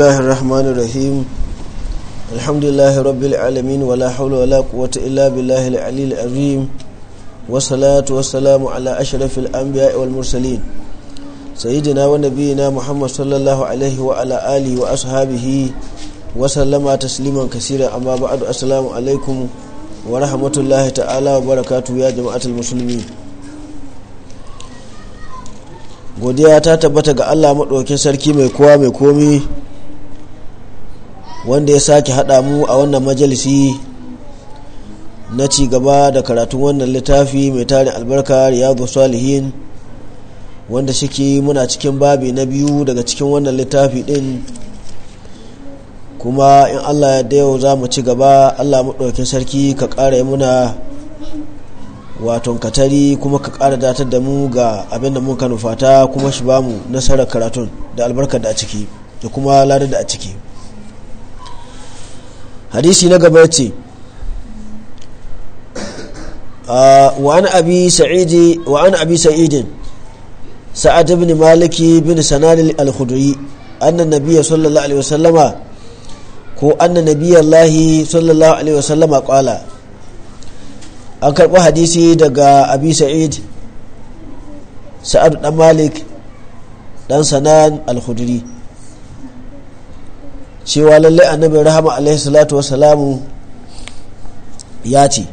الله الرحمن الرحيم الحمد لله رب العالمين ولا حول ولا قوة إلا بالله العلي العظيم والصلاة والسلام على أشرف الأنبياء والمرسلين سيدنا ونبينا محمد صلى الله عليه وعلى آله وأصحابه وسلم تسليما كثيرا أما بعد السلام عليكم ورحمة الله تعالى وبركاته يا جماعة المسلمين godiya ta tabbata ga Allah maɗaukin sarki mai kowa mai komi wanda ya sake haɗa mu a wannan majalisi na ci gaba da karatun wannan littafi mai tarin albarka riyadu salihin wanda shike muna cikin babi na biyu daga cikin wannan littafi din kuma in allah ya yau za mu ci gaba allah maɗaukin sarki ka ƙara yi muna waton katari kuma ka ƙara datar da mu ga abin da muka nufata kuma shi ba mu nasarar karatun da albarkar da a ciki da kuma ladar da a ciki hadisi na gaba ce ah, wa an abi sa'idin sa'ad ibn maliki bin sanar al-khudri annan nabiyya sallallahu alaihi wasallama ko annan nabiyya lahi sallallahu alaihi wasallama an karbi hadisi daga abi sa'id sa'ad dan malik dan sanan al-khudri cewa lallai annabi rahama alaihi salatu wasalamu ya ce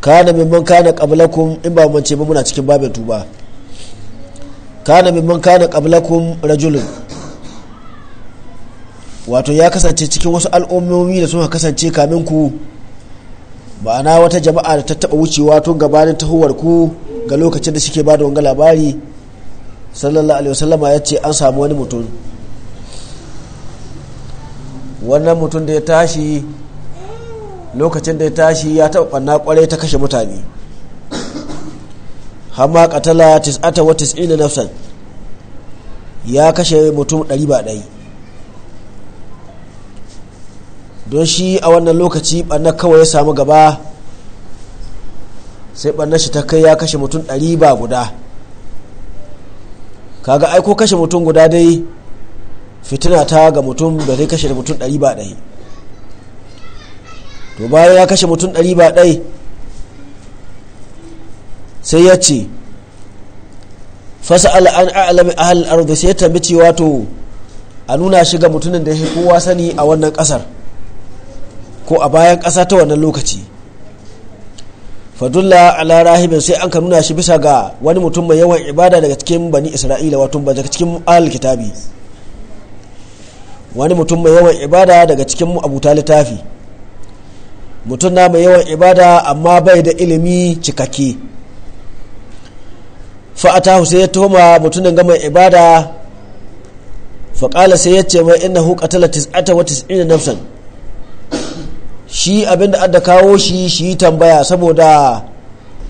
kana mimman kana qablakum in ba mun ce ba muna cikin babin tuba kana mimman kana qablakum rajulun wato ya kasance cikin wasu al'ummomi da suka kasance kamin ku na wata jama'a da ta taba wucewa tun gabanin tahowar ku ga lokacin da shike ba da wanga labari sallallahu alaihi wasallam ya ce an samu wani mutum wannan mutum da ya tashi lokacin da ya tashi ya taɓa ɓanna ƙwarai ta kashe mutane hama katala tis'ata wa tis'ina nafsan ya kashe mutum ɗari ba ɗari don shi a wannan lokaci ɓanna kawai ya samu gaba sai ɓanna shi ta kai ya kashe mutum ɗari ba guda kaga aiko kashe mutum guda dai fitina ta ga mutum da zai kashe mutum ɗari ba ɗai to bayan ya kashe mutum ɗari ba ɗai sai ya ce fasa'ala an a'lami ahal ardi sai ya tambi cewa to a nuna shi ga mutumin da ya kowa sani a wannan kasar ko a bayan kasa ta wannan lokaci fadulla ala rahibin sai an ka nuna shi bisa ga wani mutum mai yawan ibada daga cikin bani isra'ila wato daga cikin al kitabi wani mutum mai yawan ibada daga cikin abu littafi mutum na mai yawan ibada amma bai da ilimi cikakke fa'ata sai ya tuhuma mutumin gama ibada faƙala sai ya ce mai inna hu qatala tis'ata wa tis'ina nafsan shi abin da adda kawo shi shi tambaya saboda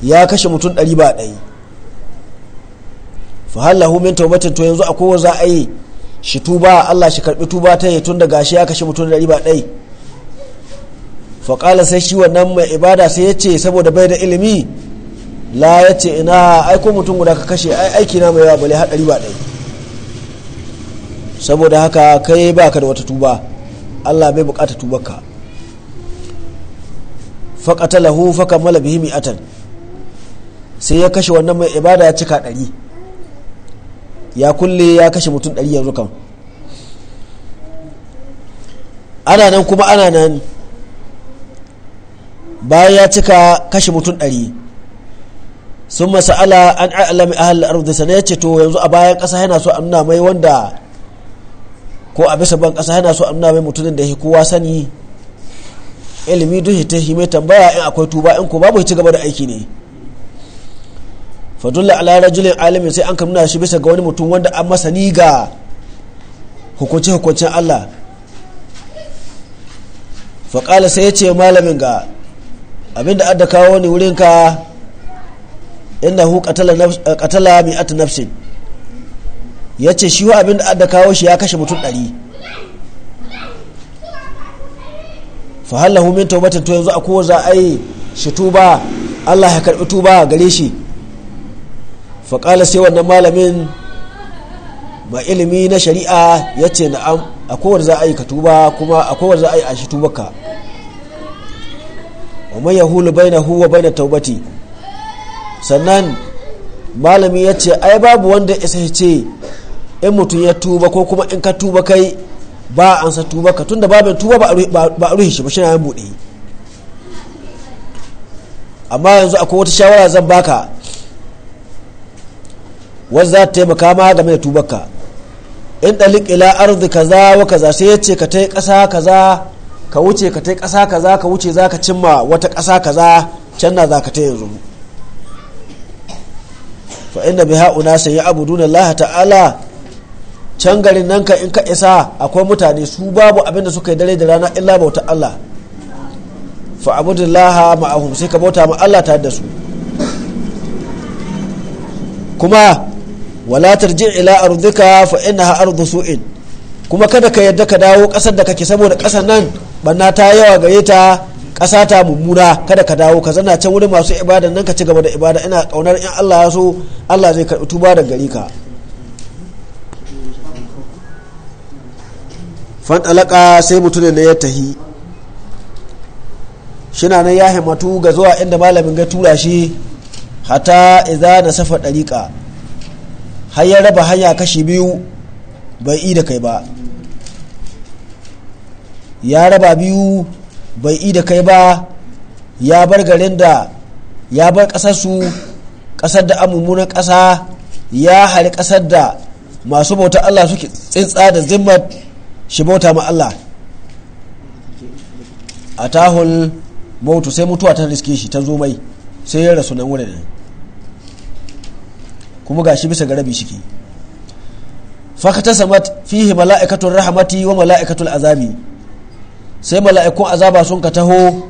ya kashe mutum ɗari ba ɗai fahallahu min taubatin to yanzu akwai za a yi shi tuba Allah shi karbi tuba ta yi tun da gashi ya kashe mutum ɗari ba ɗai faƙala sai shi wannan mai ibada sai ya ce saboda bai da ilimi la ya ce ina aiko mutum guda ka kashe ai aiki na mai yawa bale ɗari ba ɗai saboda haka kai baka da wata tuba Allah bai bukata tubarka faqatalahu fa mala bihi mi'atan sai ya kashe wannan mai ibada ya cika ɗari ya kulle ya kashe mutum ɗari yanzu kan ana nan kuma ana nan bayan ya cika kashe mutum ɗari sun masa'ala an a'alami ahal ardi da ya ce to yanzu a bayan ƙasa yana so amna mai wanda ko a bisa ban ƙasa yana so amna mai mutumin da ya kowa sani ilimi duk ta yi mai tambaya in akwai tuba in ko babu ci gaba da aiki ne fadulla ala rajulin alimin sai an kamuna shi bisa ga wani mutum wanda an masani ga hukunce hukuncin Allah faƙala sai ya ce malamin ga abinda adda kawo ne wurinka inna hu qatala mi'at nafsin ya ce shi wa abinda adda kawo shi ya kashe mutum ɗari fa hallahu min tawbatin to yanzu akwai za a yi shi tuba Allah ya karbi tuba gare shi fa qala sai wannan malamin ba ilimi na shari'a ya ce am akwai wanda za a yi ka tuba kuma akwai wanda za a yi a shi tuba ka wa man yahulu bainahu wa baina tawbati sannan malami ya ce ai babu wanda ya ce in mutum ya tuba ko kuma in ka tuba kai ba an sa tuba ka tunda babin tuba ba a ruhi shi ba shi na buɗe amma yanzu akwai wata shawara zan baka wanda za ta taimaka ma game da tubarka in ɗalik ila arzi kaza wa kaza sai ya ce ka ta ƙasa kaza ka wuce ka ta ƙasa kaza ka wuce za ka cimma wata ƙasa kaza can na za ka ta yanzu fa bi ha'una sai ya abu duna Allah ta'ala can garin nan ka in ka isa akwai mutane su babu abinda suka yi dare da rana illa bauta Allah fa Laha ma'ahum sai ka bauta ma Allah tare da su kuma wala tarji ila ardika fa innaha ardu su'in kuma kada ka yadda ka dawo kasar da kake saboda kasar nan banna ta yawa gare ta kasa ta mummuna kada ka dawo ka zana can wurin masu ibada nan ka ci gaba da ibada ina kaunar in Allah ya so Allah zai karɓi tuba da gari ka fantalaka sai mutum ne ya tahi shina nan ya himmatu ga zuwa inda malamin ga tura shi hata iza na safa ɗariƙa har ya raba hanya kashi biyu bai i da kai ba ya raba biyu bai i da kai ba ya bar garin da ya bar ƙasarsu ƙasar da amummunan ƙasa ya hari ƙasar da masu bauta Allah suke tsintsa da zimmar. shi bauta ma Allah a tahun bautu sai mutuwa ta riske shi ta zo mai sai ya rasu nan wurin kuma ga shi bisa garabi shike fakata samat fihi mala'ikatun rahamati wa mala'ikatun azabi sai mala'ikun azaba sun ka taho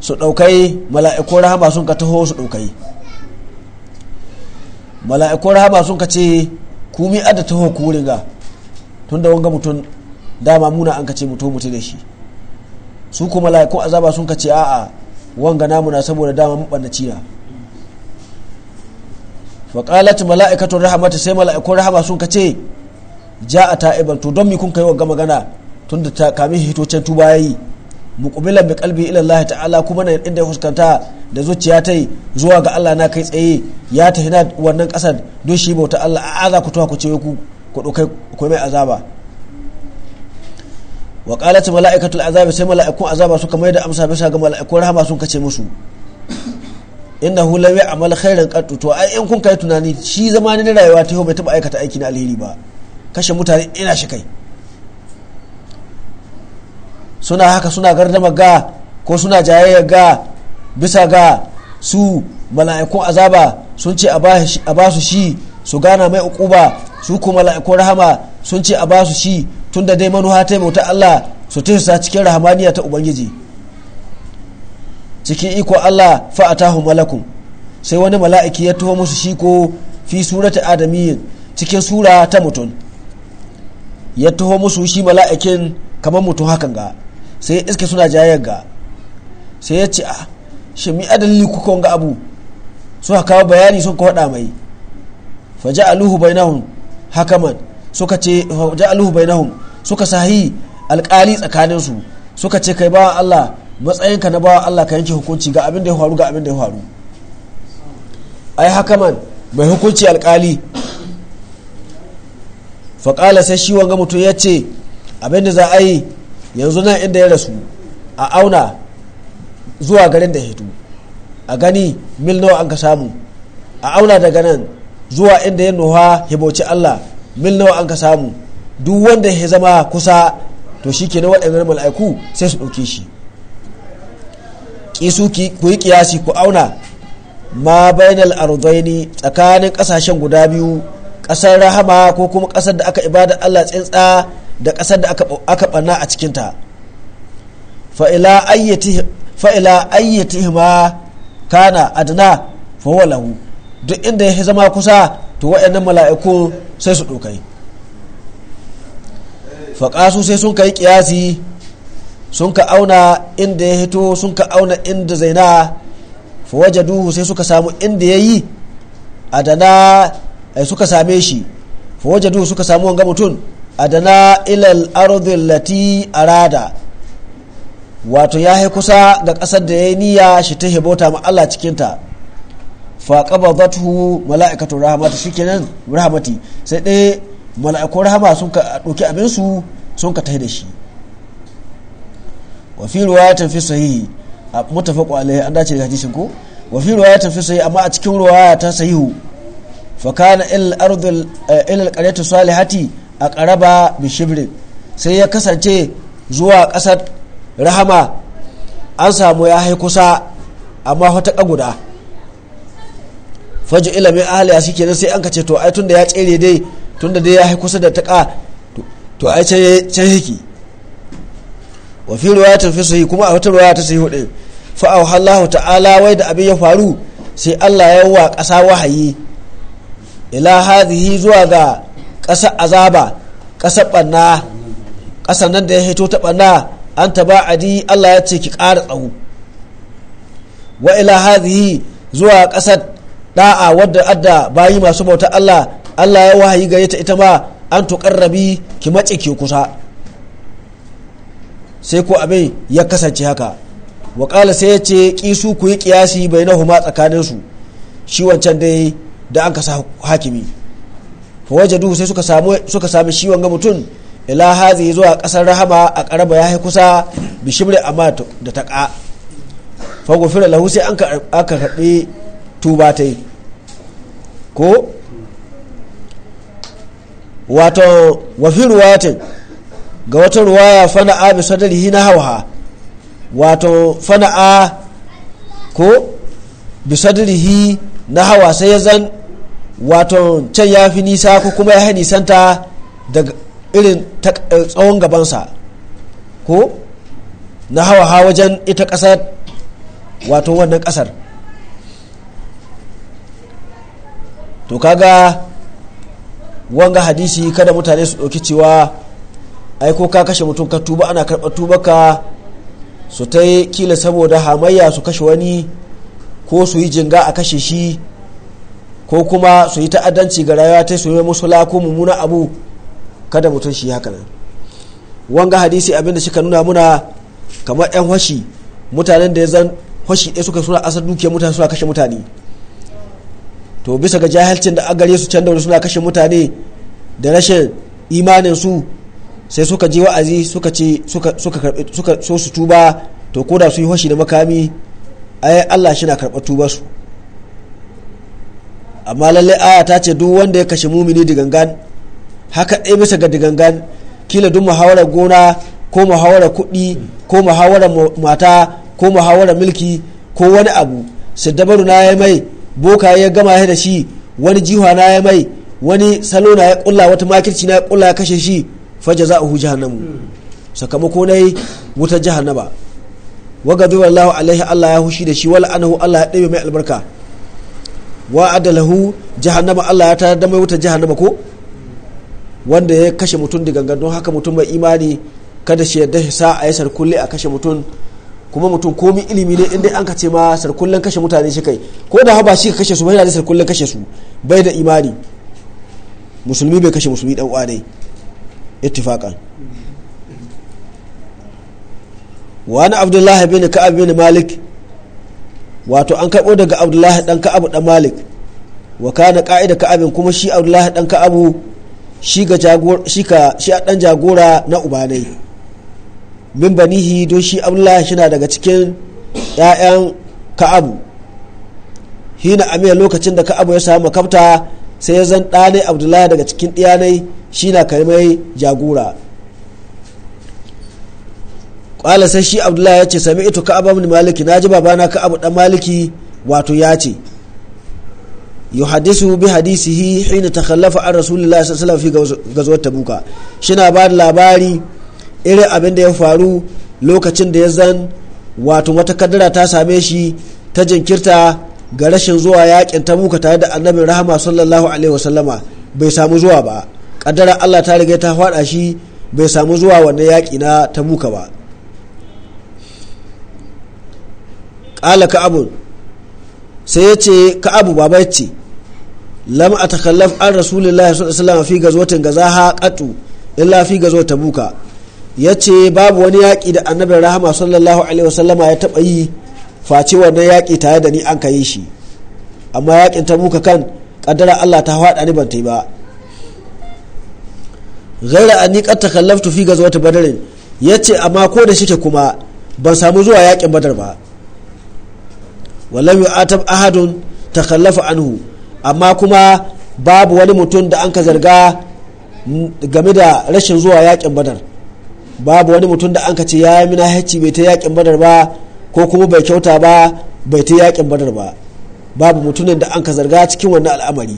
su ɗaukai mala'ikun rahama sun ka taho su ɗaukai mala'ikun rahama sun ka ce kumi adda taho ku ringa tun da wanga mutum dama muna an kace mutu mutu da shi su kuma laikun azaba sun kace a'a wanga namu na saboda dama mabannaci na wa qalat mala'ikatun rahmatu sai mala'ikun rahama sun kace ja ta'iban to don mi kun kai wanga magana tunda ta kamin hitocin tuba yi muqbilan bi qalbi kalbi Allah ta'ala kuma na inda ya fuskanta da zuciya ta yi zuwa ga Allah na kai tsaye ya tafi na wannan kasar don shi bauta Allah a za ku tuwa ku ce ku ku ku mai azaba wa qalat mala'ikatul azab sai mala'ikun azaba suka mai da amsa bisa ga mala'ikun rahama sun kace musu innahu lam ya'mal khairan qat to ai in kun kai tunani shi zamanin rayuwa ta yau bai taba aikata aiki na alheri ba kashe mutane ina shi kai suna haka suna gardama ga ko suna jayayya ga bisa ga su mala'ikun azaba sun ce a ba su shi su gana mai ukuba su kuma mala'ikun rahama sun ce a ba su shi tun da dai manuha ta bauta Allah su tinsa cikin rahamaniya ta ubangiji cikin iko Allah tahu malakun sai wani mala'iki ya tuho musu shi ko fi ta adamiyin cikin sura ta mutum ya tuho musu shi mala'ikin kamar mutum hakan ga sai iske suna jayar ga sai ya ce a ah, shi mi adalili kukon ga abu suka kawo bayani sun ka faɗa mai faja aluhu haka hakaman suka ce bai bainahum suka sahi alkali tsakanin su suka ce kai bawa Allah matsayinka na bawa Allah ka yanke hukunci ga abin da ya faru ga abin da ya faru ai haka man mai hukunci alkali faƙala sai shi wanga mutum ya ce abin da za a yi yanzu nan inda ya rasu a auna zuwa garin da hito a gani mil nawa an ka samu a auna daga nan zuwa inda ya nuha hiboci Allah mil nawa an ka samu duk wanda ya zama kusa to shi ke na waɗannan mala'iku sai su ɗauke shi ƙisu ku yi kiyasi ku auna ma bainal ardaini tsakanin ƙasashen guda biyu ƙasar rahama ko kuma ƙasar da aka ibada Allah tsintsa da ƙasar da aka ɓanna a cikinta fa'ila ayyatihima kana adna fawalahu duk inda ya zama kusa to waɗannan mala'iku sai su ɗokai faƙasu sai sun ka yi ƙiyasi sun ka auna inda ya hito sun ka auna inda zaina fawaja duhu sai suka samu inda ya yi adana suka same shi fawaja duhu suka samu wanga mutum adana ilal ardil lati arada wato ya kusa ga ƙasar da ya yi niyya shi ta hebota ma Allah cikinta fa qabadatuhu mala'ikatu shi kenan rahamati sai dai mala'ikun rahama sun ka dauki abin su sun ka yi da shi wa ruwa ya fi sahihi mutafa ƙwale an dace da hadisin ko wafi ruwa ya tafi sahihi amma a cikin ya ta sahihu fa na ilil ƙaretu il hati eh, salihati aqraba mai shibrin sai ya kasance zuwa ƙasar rahama an samu ya hai kusa amma wata ƙaguda faji ila min shi kenan sai an ce to ai tunda ya tsere dai tunda dai ya kusa da taƙa to ai can yake hiki wa fi riwayatin fi sahih kuma a wata riwaya ta sahih hudu fa hallahu ta'ala wai da abin ya faru sai Allah ya wa ƙasa wahayi ila hazihi zuwa ga ƙasa azaba ƙasa ɓanna ƙasa nan da ya hito ta ɓanna an adi Allah ya ce ki ƙara tsawo wa ila hazihi zuwa ƙasa da'a wadda adda bayi masu bauta Allah Allah ya wahayi gare ta ita ma an tuƙarrabi ki matse ki kusa sai ko abin ya kasance haka wakala sai ya ce kisu ku yi kiyasi bai na huma tsakanin su shi wancan dai da an kasa hakimi fa waje duhu sai suka samu suka sami shi wanga mutum ila hazi zuwa kasar rahama a karaba ya kusa bishimri amma da taƙa fa gofira lahu sai an ka karɓi tuba ta yi ko wato wafi ruwatin ga wata ruwaya a bisa sadarihi na hauha wato a ko bisa sadarihi na hawa sai ya zan wato can ya fi nisa ko kuma ya nisanta daga irin eh, tsawon gabansa ko na hawa wajen ita kasar wato wannan ƙasar to kaga wanga hadisi kada mutane su dauki cewa ai ko ka kashe mutum ka tuba ana karɓar tubaka su ta kila saboda hamayya su kashe wani ko su yi jinga a kashe shi ko kuma su yi ta'addanci ga rayuwa ta su yi musula ko mummuna abu kada mutum shi haka nan wanga hadisi abinda shi ka nuna muna kamar 'yan hashi mutanen da ya zan hashi ɗaya suka suna asar dukiyar mutane suna kashe mutane to bisa ga jahilcin da gare su can da suna kashe mutane da rashin imanin su sai suka je wa'azi suka ce suka so su tuba to ko da su yi hoshi da makami ai Allah shi na karɓar tuba su amma lallai aya ta ce duk wanda ya kashe mumini digangan haka ɗaya bisa ga digangan kila duk muhawarar gona ko muhawarar kuɗi ko muhawarar mata ko muhawarar milki ko wani abu dabaru na ya mai boka ya gama ya da shi wani jiha na ya mai wani salo na ya kulla wata makirci na ya kulla ya kashe shi faja za a hu jahannamu sakamako na yi wutar jahannama waga zuwa Allah alaihi Allah ya hushi da shi wala anahu Allah ya ɗaya mai albarka wa adalahu jahannama Allah ya tayar da mai wuta jahannama ko wanda ya kashe mutum da gangan don haka mutum mai imani kada shi yadda sa a yasar kulle a kashe mutum kuma mutum komi ilimi ne inda an ka ce ma sarkullen kashe mutane shi kai ko da ba shi ka kashe su bai da sarkullen kashe su bai da imani musulmi bai kashe musulmi dan uwa dai ittifaqan wa ana abdullahi bin ka'ab bin malik wato an karɓo daga abdullahi dan ka'abu dan malik wa kana ka'ida ka'abin kuma shi abdullahi dan ka'abu shi ga jagora shi ka shi dan jagora na ubanai min banihi don shi abdullahi shi na daga cikin 'ya'yan ka'abu hina amiya lokacin da ka'abu ya samu makabta sai ya zan ɗane abdullahi daga cikin ɗiyanai shi na karimai jagora ƙwala sai shi abdullahi ya ce sami ito ka'abu min maliki na ji babana ka'abu ɗan maliki wato ya ce yuhadisu bi hadisihi hina takhallafa an rasulullahi sallallahu alaihi wasallam fi gazuwar tabuka shina ba da labari irin abin da ya faru lokacin da ya zan wato wata kadara ta same shi ta jinkirta ga rashin zuwa yakin ta muka tare da annabin rahama sallallahu alaihi wasallama bai samu zuwa ba kadara allah ta riga ta fada shi bai samu zuwa wannan yaƙi na ta muka ba ƙala ka'abun sai ya ce ka'abu baba bai ce lam a takallaf an rasulullahi sallallahu alaihi wasallama fi gazwatin gazaha kat'u illa fi ta buka. ya ce babu wani yaƙi da annabin rahama sallallahu alaihi wasallama ya taɓa yi face wannan yaƙi tare da ni an ka yi shi amma yaƙin ta muka kan ƙaddara allah ta haɗa ni ban ta yi ba gaira a ni ƙatta kallaftu fi ga zuwata badarin ya ce amma ko da shike kuma ban samu zuwa yaƙin badar ba wallam yu'atab ahadun takallafa anhu amma kuma babu wani mutum da an ka zarga game da rashin zuwa yaƙin badar babu wani mutum da an kace ce ya yi mina hacci bai ta yakin badar ba ko kuma bai kyauta ba bai ta yakin badar ba babu mutumin da an ka zarga cikin wannan al'amari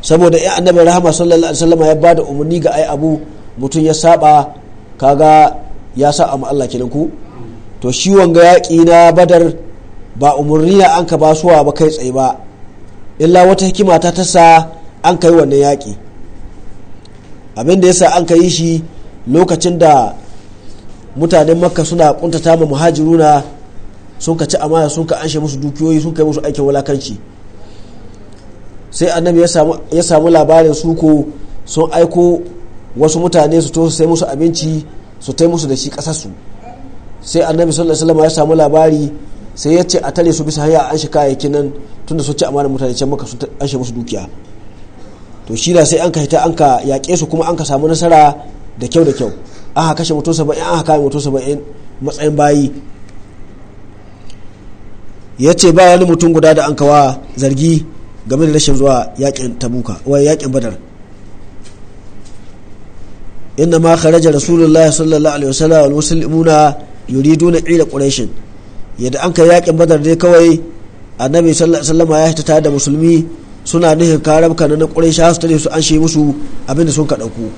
saboda ya annabi rahama sallallahu alaihi wasallam ya bada umarni ga ai abu mutum ya saba kaga ya sa amma Allah kenan ku to shi wanga yaki na badar ba umarni na an ka basuwa ba kai tsaye ba illa wata hikima ta tasa an kai wannan yaki abin da yasa an ka yi shi lokacin da mutanen makka suna kuntata ma muhajiruna sun ka ci amana sun ka anshe musu dukiyoyi sun kai musu aikin walakanci sai annabi ya samu labarin su sun aiko wasu mutane su to sai musu abinci su tai musu da shi kasarsu sai annabi sallallahu alaihi wasallam ya samu labari sai ya ce a tare su bisa hanya an shi kayayyakin nan tunda su ci amana mutane can maka sun an shi musu dukiya to shi da sai an ka hita an ka yaƙe su kuma an ka samu nasara da kyau da kyau an kashe mutum saba'in an kame mutum saba'in matsayin bayi ya ce ba wani mutum guda da an kawa zargi game da rashin zuwa yaƙin tabuka wa yaƙin badar inna ma kharaja rasulullahi sallallahu alaihi wasallam wal muslimuna yuriduna ila quraish yadda an kai yaƙin badar dai kawai annabi sallallahu alaihi wasallam ya hita da musulmi suna nihin karar kana na ƙwarai sha su tare su an shi musu abinda sun ka ɗauko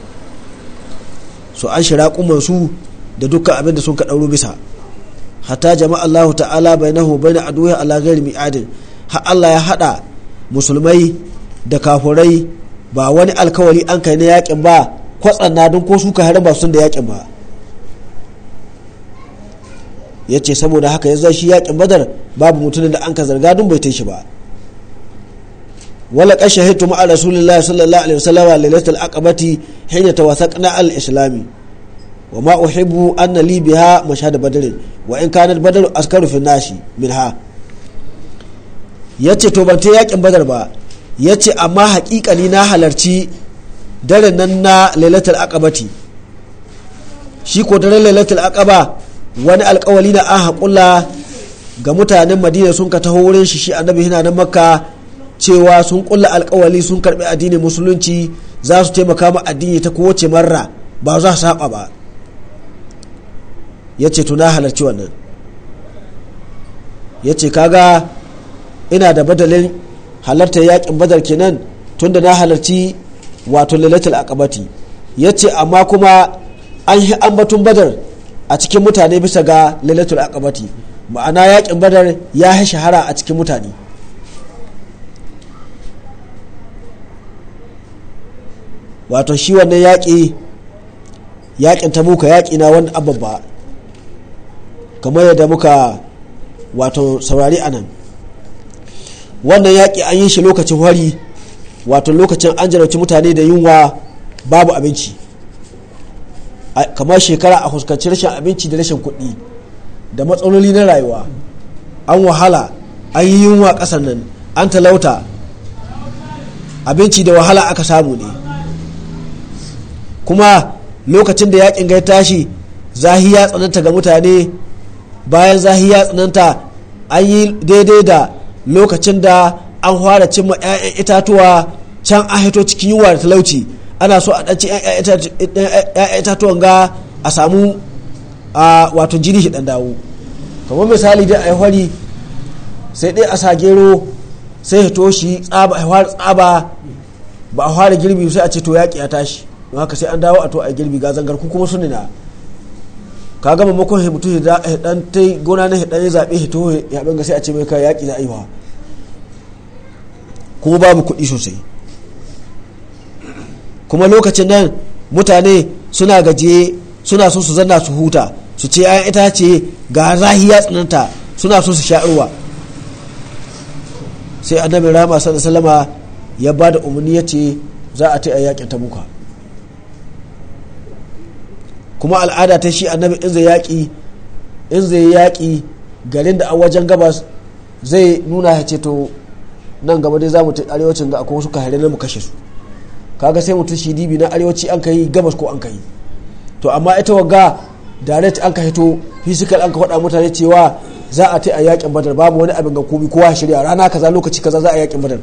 su an shi raƙumansu da dukkan abinda sun ka ɗauro bisa hatta jama'a Allah ta'ala bai na hobai na aduwa ala mai adin ha Allah ya haɗa musulmai da kafurai ba wani alkawari an kai na yakin ba kwatsanna don ko su ka harin ba sun da yakin ba ya ce saboda haka yanzu shi yakin badar babu mutumin da an ka zarga don bai ta shi ba wala kashe hitu ma'a rasulullahi sallallahu alaihi wasallam lailatul aqabati hina tawasaqna al islami wa ma uhibbu an li biha mashhad badr wa in kanat badr askaru fi nashi minha yace to ban ta yakin badar ba yace amma haƙiƙani na halarci daren nan na lailatul aqabati shi ko daren lailatul aqaba wani alƙawali da an haƙulla ga mutanen madina sun ka taho wurin shi shi annabi hina nan makka cewa sun kulla alkawali sun karbi addinin musulunci za su taimaka ma addini ta kowace marra ba za su saba ba ya ce tuna halarci wannan ya ce kaga ina da badalin halartar yakin badar kenan tunda na halarci wato lalatul akabati ya ce amma kuma an yi ambatun badar a cikin mutane bisa ga lalatul akabati ma'ana yakin badar ya shahara a cikin mutane wato shi wannan yaƙi yaƙin ta muka yaƙi na wani abubba kamar yadda muka wato saurari anan wannan yaƙi an yi shi lokacin hari wato lokacin an jarauci mutane da yunwa babu abinci kamar shekara a fuskanci rashin abinci da rashin kuɗi da matsaloli na rayuwa an wahala an yi yunwa ƙasar nan an talauta abinci da wahala aka samu ne kuma lokacin da yakin gai tashi zahi tsananta ga mutane bayan zahi ya tsananta an yi daidai da lokacin da an fara cimma 'ya'yan itatuwa can an hito cikin yiwuwa da talauci ana so a ɗanci 'ya'yan itatuwan ga a samu a wato jini shi ɗan dawo kamar misali dai a yi hwari sai dai a sa gero sai hito shi tsaba a tsaba ba a fara girbi sai a ce to yaƙi ya tashi don haka sai an dawo a to a girbi ga zangar ku kuma sun na ka gama makon he ya dan ta gona na hidan ya zaɓe hito ya ɓanga sai a ce mai ka yaƙi na aiwa ko babu kuɗi sosai kuma lokacin nan mutane suna gaje suna so su zanna su huta su ce ya ita ce ga zahi ya tsananta suna so su sha'arwa sai annabi rama sallallahu alaihi wasallama ya ba da umarni ya ce za a ta a yaƙin muka kuma al'ada ta shi annabi in zai yaƙi in zai yaƙi garin da a wajen gabas zai nuna ya ce nan gaba dai za mu arewacin da akwai wasu kahare na mu kashe su kaga sai mutum shi dibi na arewaci an ka yi gabas ko an ka yi to amma ita wagga direct an ka hito physical an ka faɗa mutane cewa za a ta a yaƙin badar babu wani abin ga komi kowa shirya rana kaza lokaci kaza za a yakin badar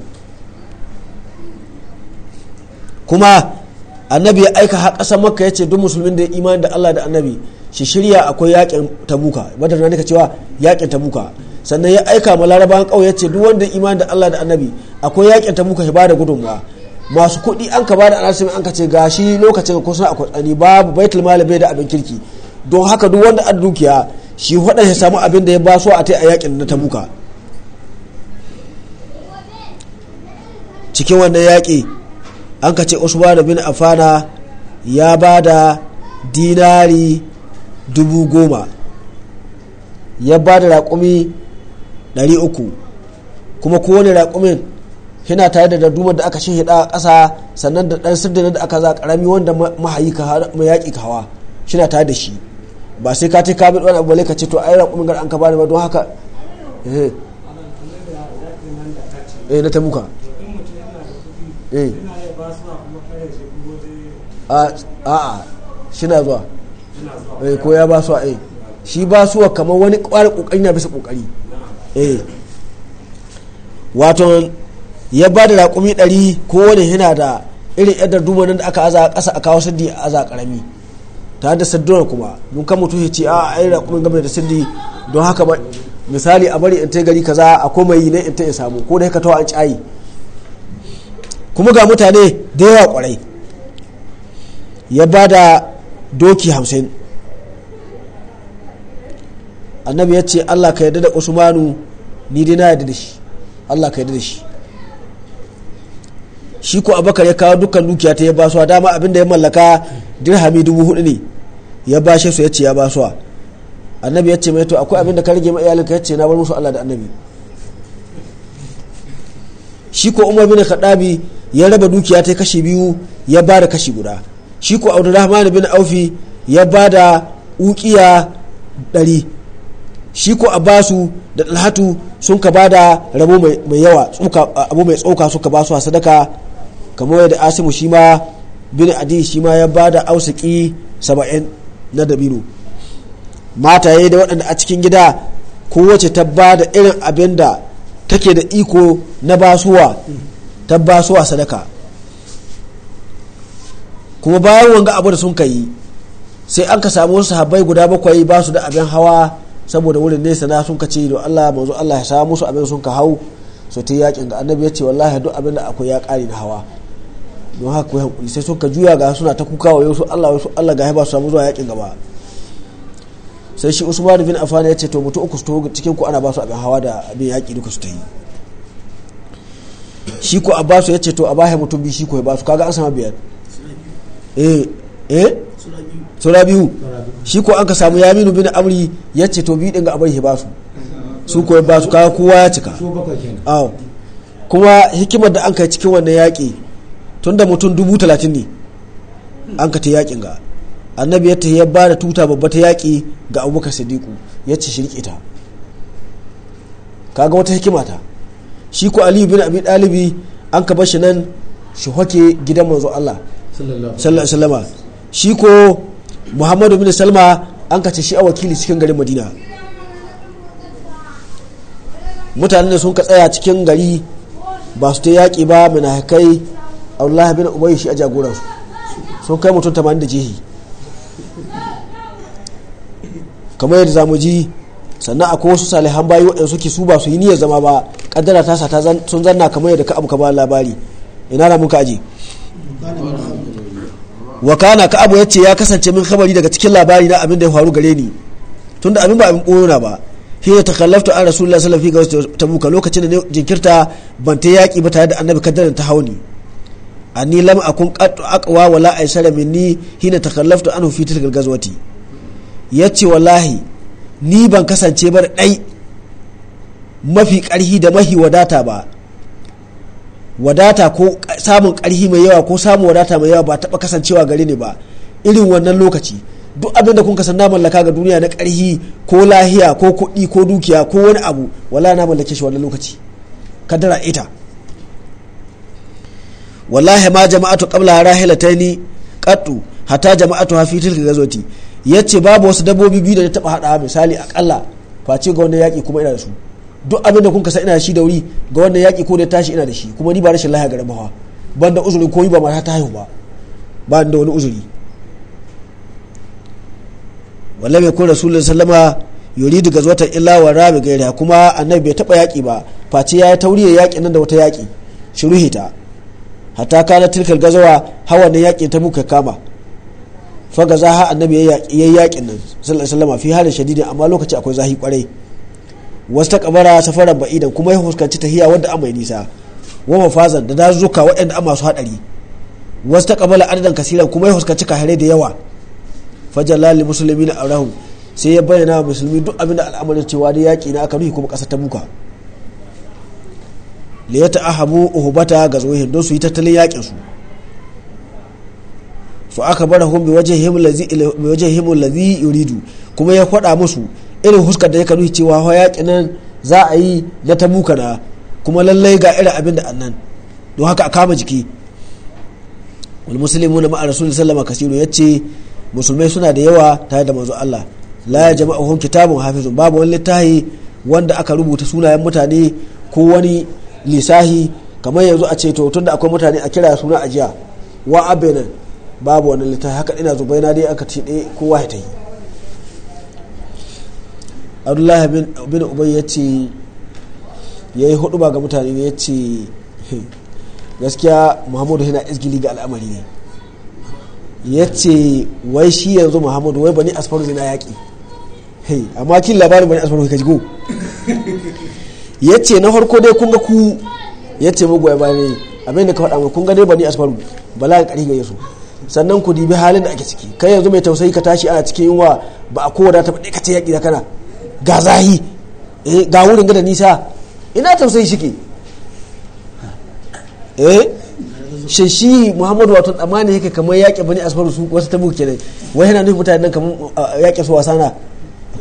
kuma annabi ya aika har ƙasar makka ya ce duk musulmin da ya imani da allah da annabi shi shirya akwai yakin tabuka badar na nika cewa yakin tabuka sannan ya aika ma larabawan ƙauye ya ce duk wanda imani da allah da annabi akwai yakin tabuka shi bada gudunmawa masu kuɗi an ka ba da alasimi an ka ce gashi lokacin ko suna akwai tsani babu baitul mali bai da abin kirki don haka duk wanda an dukiya shi waɗanda ya samu abin da ya ba su a ta a yakin na tabuka cikin wannan yaƙi an ka ce usman bin afana ya ba da dinari dubu goma ya ba da raƙumi ɗari uku kuma kowane raƙumin yana tare da duma da aka shi a ƙasa sannan da ɗan sirdina da aka za ƙarami wanda mahayi mai yaƙi ka hawa shi na tare da shi ba sai ka ce ka bi ɗan abu ka ce to ai raƙumin gar an ka bani ba don haka eh, eh na eh a'a shina zuwa eh, ko ya ba su eh shi ba su kamar wani kwari kokari na bisa kokari eh wato ya ba da raƙumi ɗari ko wani yana da irin yadda dubanin da aka aza a ƙasa a kawo sirdi a aza ƙarami tare da sarduna kuma mun kan mutum ya ce a ai raƙumin game da sirdi don haka misali a bari in ta gari kaza a komai ne in ta in samu ko da haka tawa an ci kuma ga mutane da yawa kwarai ya ba da doki hamsin annabi ya ce allah ka yarda da usmanu ni dai na yadda da shi allah ka yarda da shi shi ko abakar ya kawo dukkan dukiya ta ya ba su dama abin da ya mallaka dirhami dubu hudu ne ya ba shi su ya ce ya ba su annabi ya ce mai to akwai abin da ka rage ma iyalinka ya ce na bar musu allah da annabi shi ko umar bin khadabi ya raba dukiya ta kashi biyu ya ba da kashi guda shi ko abdurrahman bin aufi ya ba da ukiya ɗari shi ko abbasu da talhatu sun ka ba da rabo mai yawa abu mai tsoka suka ba su a sadaka kamar yadda asimu shi ma bin adi shi ma ya ba da ausiki saba'in na dabino mataye da waɗanda a cikin gida kowace ta ba da irin abin da take da iko na basuwa tabbasuwa sadaka kuma bayan wanga abu da sun kai sai an ka samu wasu sahabbai guda bakwai ba su da abin hawa saboda wurin nesa na sun ka ce don Allah manzo Allah ya samu su abin sun ka hau so ta yakin ga annabi ya ce wallahi duk abin da akwai ya kare da hawa don haka ku hankuli sai sun ka juya ga suna ta kuka wa yau Allah wasu Allah ga ba su samu zuwa yakin gaba sai shi Usman bin Affan ya ce to mutu uku su to cikin ku ana ba su abin hawa da abin yaki duka su ta yi shi ko a basu ya ce to a bashi mutum biyu shi ko ya basu kaga an sama biyar eh eh sura biyu shi ko an ka samu yaminu bin amri ya ce to biyu din ga abai ya basu su ko ya basu kaga kowa ya cika awo kuma hikimar da an kai cikin wannan yaƙi tunda mutum dubu talatin ne an ka ta yaƙin ga annabi ya ya ba da tuta babba ta yaƙi ga abubakar sadiku ya ce shirƙi ta kaga wata hikimata. shi ko aliyu bin abi dalibi an ka bashi nan shi hoke gidan manzo Allah sallallahu alaihi shi ko muhammadu bin salma an ka ce shi a wakili cikin garin madina mutanen sun ka tsaya cikin gari ba su ta yaki ba kai Allah bin ubayi shi a jagoransu sun kai mutum 80 da jihi kamar yadda zamu ji sannan akwai wasu salihan bayi waɗanda suke su ba su yi niyyar zama ba kaddara ta sa sun zanna kamar yadda ka abu ka ba labari ina da muka aji wa ka abu ya ce ya kasance min khabari daga cikin labari na abin da ya faru gare ni tunda abin ba abin koyona ba hina takallaftu an rasulullahi sallallahu ga wasu ta lokacin da jinkirta ban ta yaki ba tare da annabi kaddara ta hauni ni lam akun qat aqwa wala aysara minni hina takallaftu anhu fi tilkal ya yace wallahi ni ban kasance ba ɗai mafi ƙarhi da mahi wadata ba wadata ko samun ƙarhi mai yawa ko samun wadata mai yawa ba taɓa kasancewa gare ni ba irin wannan lokaci duk abinda kun kasan na mallaka ga duniya na ƙarhi ko lahiya ko kuɗi ko dukiya ko wani abu wala na mallake shi wannan lokaci kadara ita wallahi ma jama'atu qabla rahilataini qattu hatta jama'atu hafitil gazoti ya ce babu wasu dabbobi biyu da ta taɓa haɗa misali akalla face ga wannan yaƙi kuma ina da su duk abin da kun kasa ina shi da wuri ga wannan yaki ko da tashi ina da shi kuma ni ba rashin lahiya ga rabawa ban da uzuri ko yi ba mata ta haihu ba ba da wani uzuri wallan mai kun rasulun sallama yuri daga zuwatan illa wa rami gaira kuma annabi bai taba yaki ba face ya yi tauriya yaki nan da wata yaƙi shiruhita hatta kana tilkal gazawa hawa na yaƙi ta muka kama fa ga zaha annabi yayi yakin nan sallallahu alaihi wasallam fi halin shadidi amma lokaci akwai zahi kwarai wasu ta kabara safaran ba'idan kuma ya fuskanci tahiya wadda amai nisa wa mafazan da dazuka waɗanda amma masu hadari wasu ta kabala adadan kasiran kuma ya fuskanci kahare da yawa fajalal musulmi arahu sai ya bayyana wa musulmi duk abin da al'amarin cewa da yaƙi na aka nuhi kuma ƙasar ta muka liyata ahabu uhubata ga zuwihin don su yi tattalin yaƙin su fa aka bara hu bi wajen biwajhihim lazi yuridu kuma ya faɗa musu irin huskar da ya kanu cewa wa yaƙi nan za a yi na ta na kuma lallai ga irin abin da annan don haka a kama jiki wani musulmi na ma'a rasulun sallama kasiru ce musulmai suna da yawa tare da manzo Allah la hun kitabun hafizun babu wani littafi wanda aka rubuta sunayen mutane ko wani lisahi kamar yanzu a ce to tunda akwai mutane a kira suna a jiya wa abinan babu wani littafi haka ina na dai aka ce ɗaya kowa ya ta yi abdullahi bin ubai ya ce ya yi hudu ba ga mutane ne ya ce gaskiya muhammadu yana izgili ga al'amari ne ya ce wai shi yanzu muhammadu wai bani asfaru zina yaƙi amma kin labarin bani asfaru ka jigo ya ce na farko dai kun ga ku ya ce ya bane abinda ka faɗa kun ga dai bani asfaru bala ga ƙari ga yasu sannan ku dibi halin da ake ciki kai yanzu mai tausayi ka tashi ana cikin yunwa ba a kowa ta ka ce yaƙi da kana ga zahi eh ga wurin gada nisa ina tausayi shike. eh shin shi muhammadu wato tsammani yake kamar yaƙi bani asfaru su wasu tabu kenan wai yana nufin mutane nan kamar uh, yaƙi su wasa na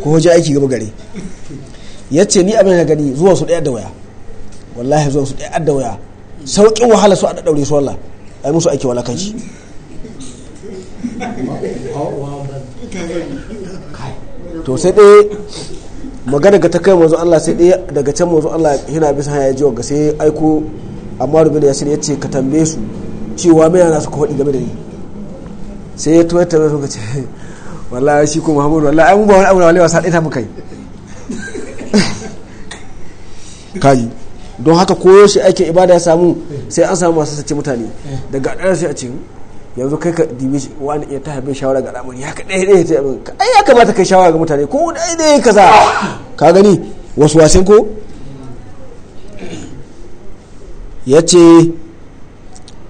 ko hoje aiki gaba gare ya ce ni abin da gani zuwa su ɗaya da waya wallahi zuwa su ɗaya da waya sauƙin wahala su a ɗaɗɗaure su wallah ai musu aiki wala kan shi to sai dai magana ga ta kai mazu Allah sai dai daga can mazu Allah yana bisa hanya jiwa ga sai aiko amma rubin ya ya ce ka tambe su cewa mai yana su suka faɗi game da ni sai ya tuwa tambaye su ka ce wallahi shi ko muhammadu wallahi ai mu wani abu da walewa sa ɗaita ta mu kaji don haka koyo shi aikin ibada ya samu sai an samu masu sace mutane daga ɗaya sai a ce yanzu kai ka dibi wani ya ta haife shawara ga al'amari ya ɗaya ɗaya ta abin ai ya kamata kai shawara ga mutane ko ɗaya ɗaya kaza ka gani wasu wasin ko ya ce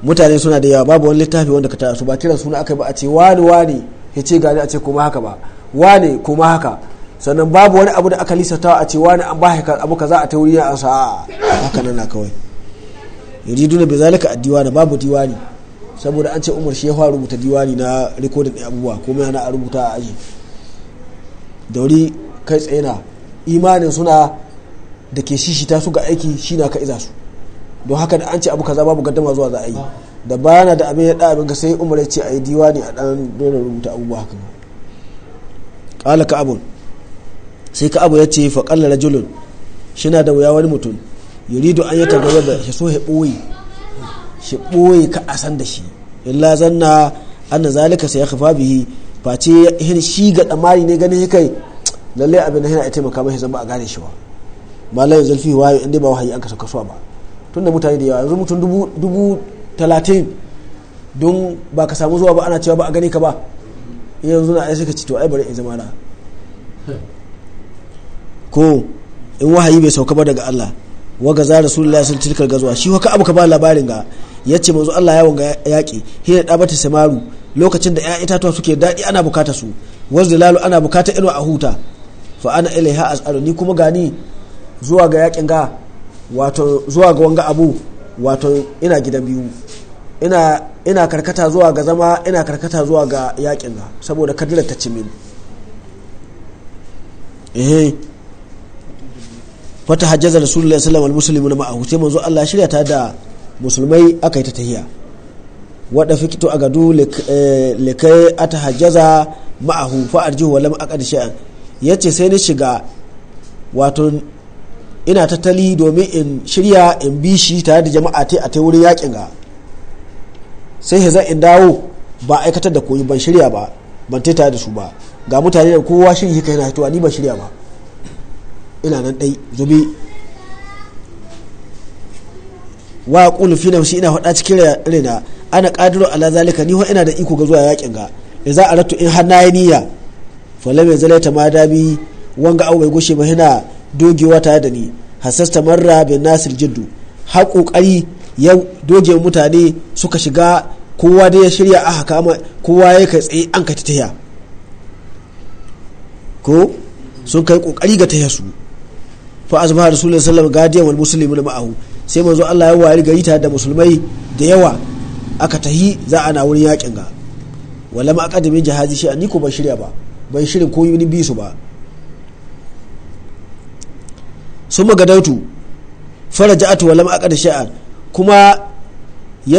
mutane suna da yawa babu wani littafi wanda ka tara su ba kiran suna aka ba a ce wani wani ya ce gani a ce kuma haka ba wani kuma haka sannan babu wani abu da aka lisata a ce wani an ba abu kaza a ta wuri na a sa'a haka nan na kawai yuridu duna bai zalika a diwani babu diwani saboda an ce umar shi ya fara rubuta diwani na rikodin abubuwa kuma yana a rubuta a aji da wuri kai tsaye na imanin suna da ke ta su ga aiki shi na ka iza su don haka da an ce abu kaza babu dama zuwa za a yi da bayana da abin ya da abin ka sai umar ya ce a yi diwani a dan dole rubuta abubuwa haka ƙala ka abun sai ka abu ya ce faƙalla rajulun shi na da wuya wani mutum yuridu an yi tagayyar da ya so ya ɓoye shi ɓoye ka a san da shi illa zanna anna zalika sai ya kafa bihi face hin shi ga damari ne ganin kai lallai abin da yana taimaka mai zan ba a gane shi ba malai zalfi wayo inda ba wahayi an ka kasuwa ba tunda mutane da yawa yanzu mutum dubu talatin don ba ka samu zuwa ba ana cewa ba a gane ka ba yanzu na ai suka ci to ai bari in zama na ko in wahayi bai sauka ba daga Allah waga za rasulullah sun tilkar gazuwa shi haka abu ka ba labarin ga ya ce manzo Allah yawon ga yaƙi hina ɗabata samaru lokacin da ‘ya'yan itatuwa suke daɗi ana bukata su wasu lalu ana bukata inuwa a huta fa ana ilaiha tsaro ni kuma gani zuwa ga yaƙin ga wato zuwa ga wanga abu wato ina gidan biyu ina ina karkata zuwa ga zama ina karkata zuwa ga yaƙin ga saboda kadirar ta cimin eh fata hajjaza da sallallahu alaihi wasallam al-muslimin ma'ahu sai manzo Allah shirya ta da musulmai aka yi ta tahiya wadda fi kito a gado likai eh, a ta hajjaza ma'ahu fa'ar jihu walam a sha'an ya ce sai ni shiga wato ina tattali domin in shirya in bi shi tare da jama'a ta a ta wurin yakin ga sai ya in dawo ba aikatar da koyi ban shirya ba ban ta tare da su ba ga mutane da kowa shirya ka yana a ni ban shirya ba ina nan ɗai zube wa kulu fi nafsi ina faɗa cikin raina ana qadiru ala zalika ni ho ina da iko ga zuwa yakin ga idza aratu in har nayi niyya fa lam yazalata ma dabi wanga au bai goshe ba hina dogewa ta da ni hasasta marra bin nasil jiddu har kokari ya doge mutane suka shiga kowa da ya shirya a haka kowa ya kai tsaye an ka tahiya ko sun kai kokari ga tahiya su fa azbaha rasulullahi sallallahu alaihi wasallam gadiyan wal muslimin ma'ahu sai manzo Allah ya wari gari tare da musulmai da yawa aka tahi za na wurin yakin ga walam aqadami jahazi shi ni ko ban shirya ba ban shirin ko yi bi su ba sun magadautu faraja'atu walam aqad shay'an kuma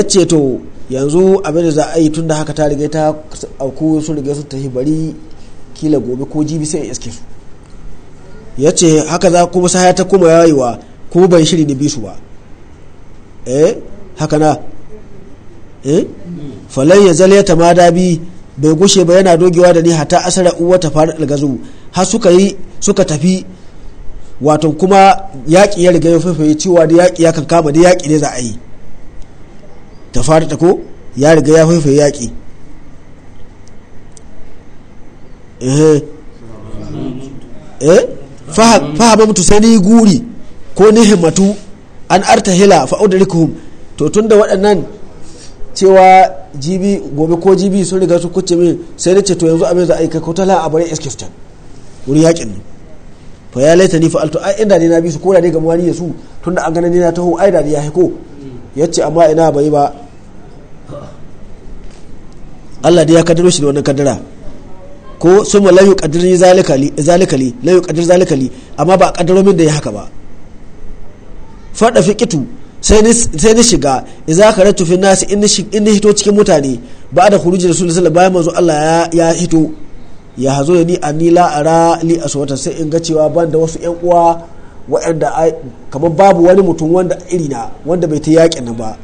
ce to yanzu abin da za a yi da haka ta riga ta auku sun riga sun tafi bari kila gobe ko jibi sai iske su ce haka za kuma ya ta kuma yayiwa ko ban shiri da bi su ba eh haka na eh ya zale ta ma dabi bai gushe ba yana dogewa da ni hata asara uwa ta fara algazu har suka yi suka tafi wato kuma yaƙi ya riga ya faifaye cewa da yaƙi ya kan kama da yaƙi ne za a yi ta fara ta ko ya riga ya faifaye yaƙi eh eh fahabamtu sai ni guri ko ni himmatu an artahila fa udrikuhum to tun da waɗannan cewa jibi gobe ko jibi sun riga su kuce min sai na ce to yanzu abin za a yi kai kotala a bari eskistan wuri yakin ne to ya laita ni fa'altu ai inda ne na bi su ko da ne gamuwa ni su tun da an gani ne na taho ai da ne ya haiko ya ce amma ina bai ba Allah da ya kaddaro shi da wannan kaddara ko sun la layu kaddar zalikali amma ba kaddaro min da ya haka ba fada fikitu sai ni shiga ka kharajtu fi nasi in ni hito cikin mutane ba da kuruji da sallallahu bayan mazu Allah ya hito ya hazo da ni nila a rali a aswata sai in ga cewa ban da wasu yan uwa waɗanda kamar babu wani mutum wanda iri na wanda bai ta yaƙi nan ba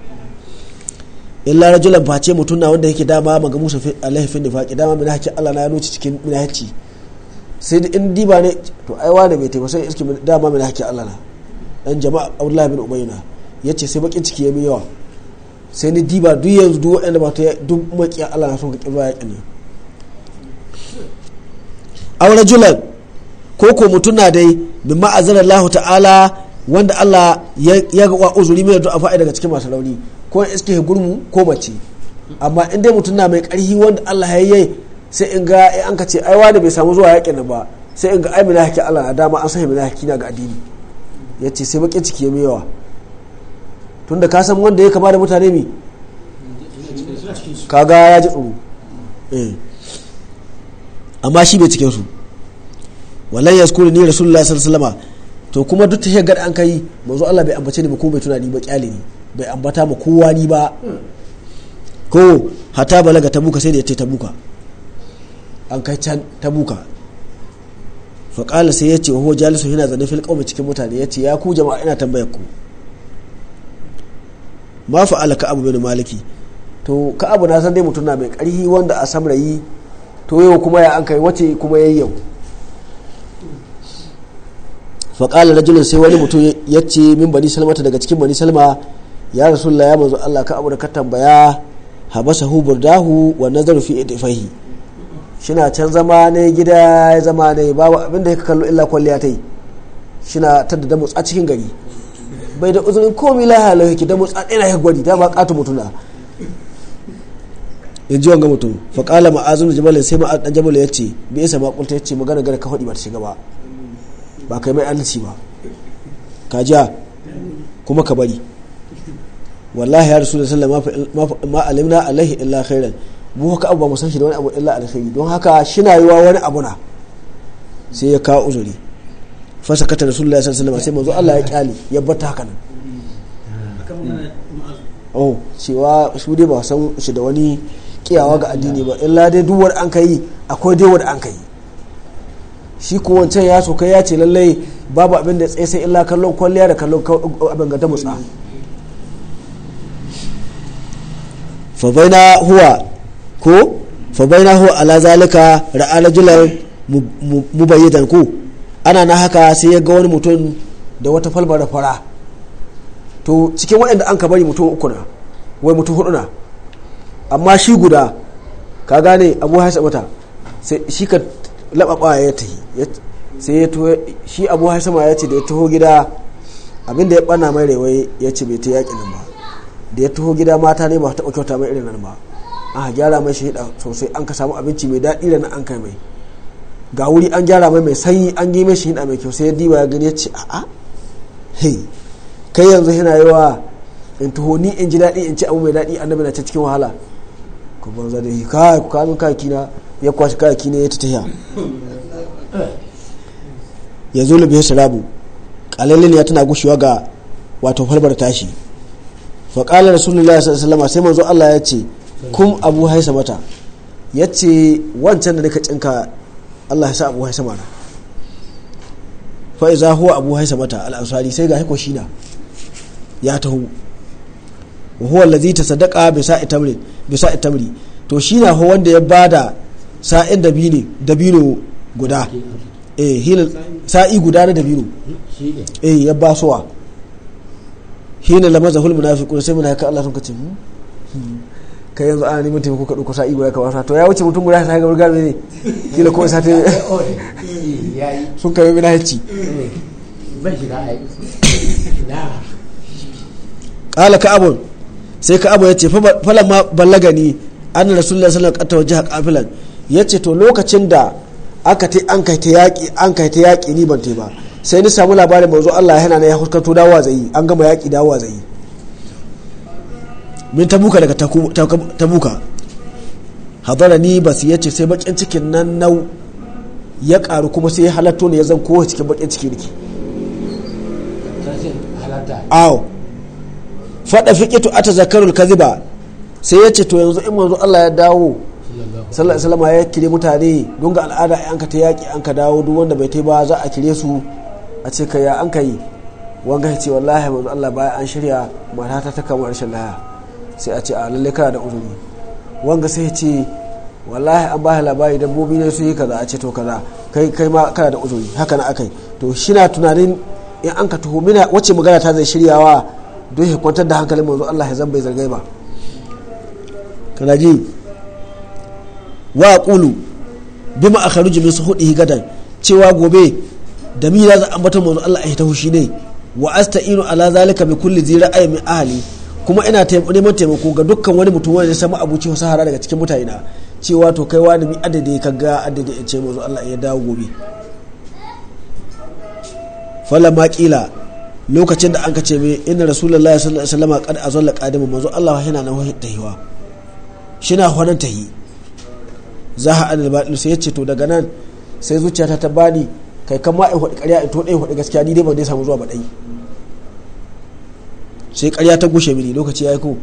illa rajulan face mutum na wanda yake dama maga musu alaihi fi nifaqi dama min haƙi Allah na yanoci cikin min haƙi sai in diba ne to ai da bai taimaka sai iske dama min haƙi Allah na dan jama'a abdullahi bin umayna ya ce sai bakin ciki ya mi yawa sai ni diba duk yanzu duk waɗanda ba ta duk maƙiya Allah na son ka ƙiba ya ƙani aure julan ko ko mutum na dai bin ma'azar lahu ta'ala wanda Allah ya ga uzuri mai du'a fa'i daga cikin masu rauni ko in iske gurmu ko mace amma in dai mutum na mai ƙarfi wanda Allah ya yi sai in ga an ka ce ai wani bai samu zuwa yaƙin ba sai in ga ai mina haƙƙi Allah na dama an sahi mina haƙƙi na ga addini ya ce sai baƙin ciki ya mewa tunda ka san wanda ya kama da mutane mi kaga ya ji tsoro eh. amma shi bai cikin su wallahi ya skuli ni rasulullah sallallahu alaihi to kuma duk tashiyar gada an kai manzo Allah bai ambace ni ba ko bai tunani ba kyale ni bai ambata ma kowa ni ba ko hata balaga tabuka sai da ya ce tabuka an kai can tabuka faƙala sai ya ce wahu jalisu yana zane fil ƙaumi cikin mutane ya ce ya ku jama'a ina tambayar ku ma fa'ala ka abu bin maliki to ka abu na san dai mutum na mai ƙarhi wanda a samrayi to yau kuma ya an kai wace kuma ya yi yau faƙala rajulun sai wani mutum ya ce min bani salmata daga cikin bani salma ya rasulullah ya manzo allah ka abu da ka tambaya habasa hu burdahu wa nazaru fi idfahi shina can zama ne gida ya zama ne babu abinda da ya kallo illa kwalliya ta yi shina ta da damus a cikin gari bai da uzurin komi laha yake damus a ɗaya ya gwari ba ƙatu mutuna ya ji wanga mutum faƙala ma'azin da jamalin sai ma'ad ɗan jamalin ya ce bai isa makulta ya ce magana gara ka ba ta shiga ba ba kai mai adalci ba ka ja kuma ka bari wallahi ya rasu da sallama ma alaihi illa khairan mu haka abu ba mu san shi da wani abu illa alkhairi don haka shina yiwa wani abu na sai ya kawo uzuri fa sakata rasulullahi sallallahu alaihi wasallam sai manzo Allah ya kyale ya bata haka nan oh cewa su dai ba san shi da wani kiyawa ga addini ba illa dai duk wani an kai akwai dai wani an kai shi ko wancan ya so kai ya ce lallai babu abin da tsaye sai illa kallon kwalliya da kallon abin ga ta mutsa fa baina huwa ko fa bainahu ala zalika ra'a rajulan mubayyidan ko ana na haka sai ya ga wani mutum da wata falmar fara to cikin waɗanda an ka bari mutum uku na wai mutum hudu na amma shi guda ka gane abu haisa mata sai shi ka lababa ya tahi sai ya to shi abu haisa ma ya ce da ya taho gida abinda ya bana mai rewaye ya ce bai ta yaƙi nan ba da ya taho gida mata ne ba ta taɓa kyauta mai irin nan ba a gyara mai da sosai an ka samu abinci mai daɗi da na an kai mai ga wuri an gyara mai mai sanyi an yi mai da mai kyau sai ya diba ya gani ya ce a'a hey kai yanzu yana yawa in tuho ni in ji daɗi in ci abu mai daɗi annabi na ta cikin wahala ku banza da shi kai ku kamin kayaki na ya kwashi kayaki ne ya ta tahiya ya zo lubi sharabu kalalin ya tana gushewa ga wato falbar tashi faƙalar rasulullahi sallallahu alaihi wasallam sai manzo Allah ya ce kuma abu haisa mata ya ce wancan da nika cinka allah ya sa abu haisa mata fa'iza huwa abu haisa mata al'ansari sai ga haiko shina ya taho wa huwa lazi ta sadaka bisa itamri to shina ho wanda ya bada sa'in dabino guda eh hilal sa'i guda na dabino eh ya ba basuwa hina lamaza hul munafiqun sai munafika Allah sun kace mu hmm? ka yanzu ana ah, neman taimako ka ɗauko sa'i guda ka wasa to ya wuce mutum guda sai ga burga ne kila ko isa ta sun kawai mina haici ƙala ka abun sai ka abu ce falan ma ballagani an rasulullahi sallallahu alaihi wasallam qatta wajha ya ce to lokacin da aka ta an kai ta yaƙi an kai ta yaƙi ni ban ta ba sai ni samu labarin manzo Allah yana ne ya huskanto dawa zai an gama yaƙi dawa zai min tabuka daga tabuka hadara ni ba su ce sai bakin cikin nan nau ya karu kuma sai ya halatto ne ya zan kowa cikin bakin ciki riki. awo faɗa fiƙitu a ta zakarul kaziba sai ya to yanzu in manzo Allah ya dawo sallallahu alaihi ya kire mutane don ga al'ada an ka ta yaƙi an ka dawo duk wanda bai tai ba za a kire su a ce ka ya an ka yi wanga ce wallahi manzo Allah baya an shirya matata ta kama rashin laya. sai a ce a lalle kana da uzuri wanga sai ce wallahi an ba labari dabbobi ne su yi kaza a ce to kaza kai kai ma kana da uzuri haka na akai to shi na tunanin in an ka mina wacce magana ta zai shiryawa don ya kwantar da hankalin manzo Allah ya zan bai zargai ba kana ji wa qulu bima akhruju min suhudihi gadan cewa gobe da mi za ambata manzo Allah ya shi ne wa asta'inu ala zalika bi kulli zira'i min ahli kuma ina neman taimako ga dukkan wani mutum wanda ya samu abuci wasu hara daga cikin mutane na cewa to kai wani mi adadi ka ga adadi ya ce mazu Allah ya dawo gobe fala maƙila lokacin da an ka ce mai inna rasulullahi sallallahu alaihi wasallam qad azalla qadimu manzo Allah yana nan wahin tahiwa shina honan tahi zaha anil batil sai yace to daga nan sai zuciyata ta bani kai kama ai hudu ƙarya in to dai hudu gaskiya ni dai ban dai samu zuwa ba dai sai karya ta gushe mini lokaci ya yi ko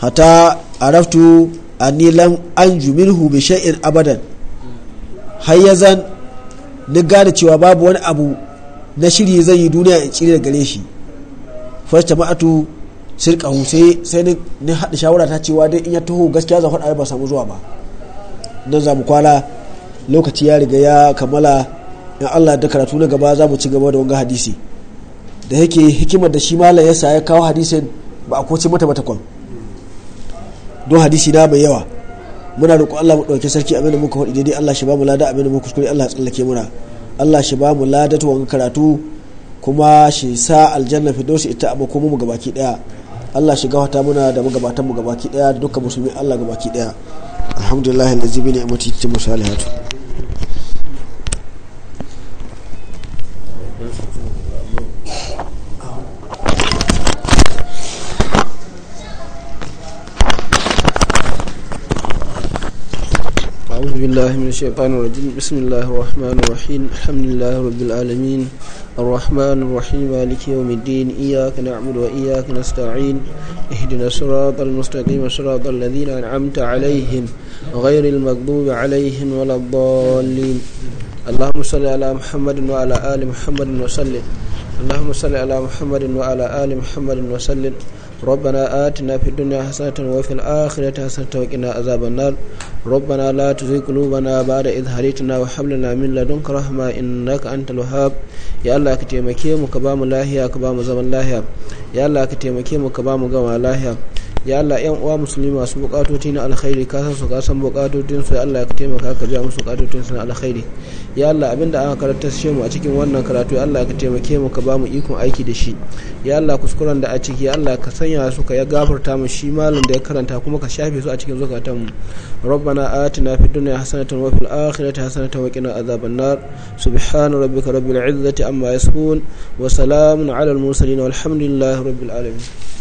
hata araftu anni lam anju minhu bi shay'in abadan hayyazan ni gane cewa babu wani abu na shiri zai yi duniya in cire da gare shi fasta ma'atu sirkahu sai sai ni haɗa shawara ta cewa dai in ya taho gaskiya zan faɗa ba samu zuwa ba nan za mu kwana lokaci ya riga ya kammala in Allah da karatu na gaba za mu ci gaba da wanga hadisi da yake hikimar da shi malam ya ya kawo hadisin ba a koci mata matakon don hadisi na mai yawa muna roƙo Allah mu ɗauki sarki abin da muka faɗi daidai Allah shi ba mu lada abin da muka kuskure Allah tsallake muna Allah shi ba mu lada ta wanga karatu kuma shi sa aljanna fi dosi ita abu kuma mu gabaki daya Allah shi gawata muna da mu gabatan mu gabaki daya da dukkan musulmi Allah gabaki daya alhamdulillah allazi bi ni'mati tatimmu salihatu بالله من الشيطان الرجيم بسم الله الرحمن الرحيم الحمد لله رب العالمين الرحمن الرحيم مالك يوم الدين إياك نعبد وإياك نستعين اهدنا الصراط المستقيم صراط الذين أنعمت عليهم غير المغضوب عليهم ولا الضالين اللهم صل على محمد وعلى آل محمد وسلم اللهم صل على محمد وعلى آل محمد وسلم ربنا آتنا في الدنيا حسنة وفي الآخرة حسنة وقنا عذاب النار ربنا لا تزغ قلوبنا بعد إذ هديتنا وهب لنا من لدنك رحمة إنك أنت الوهاب يا الله كتيمكي مكبام الله يا كبام lahiya الله يا الله كتيمكي مكبام Allah الله taimake mu ya Allah yan uwa musulmi masu bukatoci na alkhairi ka san su ka san bukatotin su ya Allah ka taimaka ka musu bukatotin su na alkhairi ya Allah abinda aka karanta shi mu a cikin wannan karatu ya Allah ka taimake mu ka ba mu ikon aiki da shi ya Allah kuskuren da a ciki ya Allah ka sanya su ka ya gafarta mu shi malam da ya karanta kuma ka shafe su a cikin zukatan mu rabbana dunya hasanatan wa fil akhirati hasanatan wa qina azaban nar subhana rabbika rabbil izzati amma عما wa salamun ala al mursalin walhamdulillahi rabbil alamin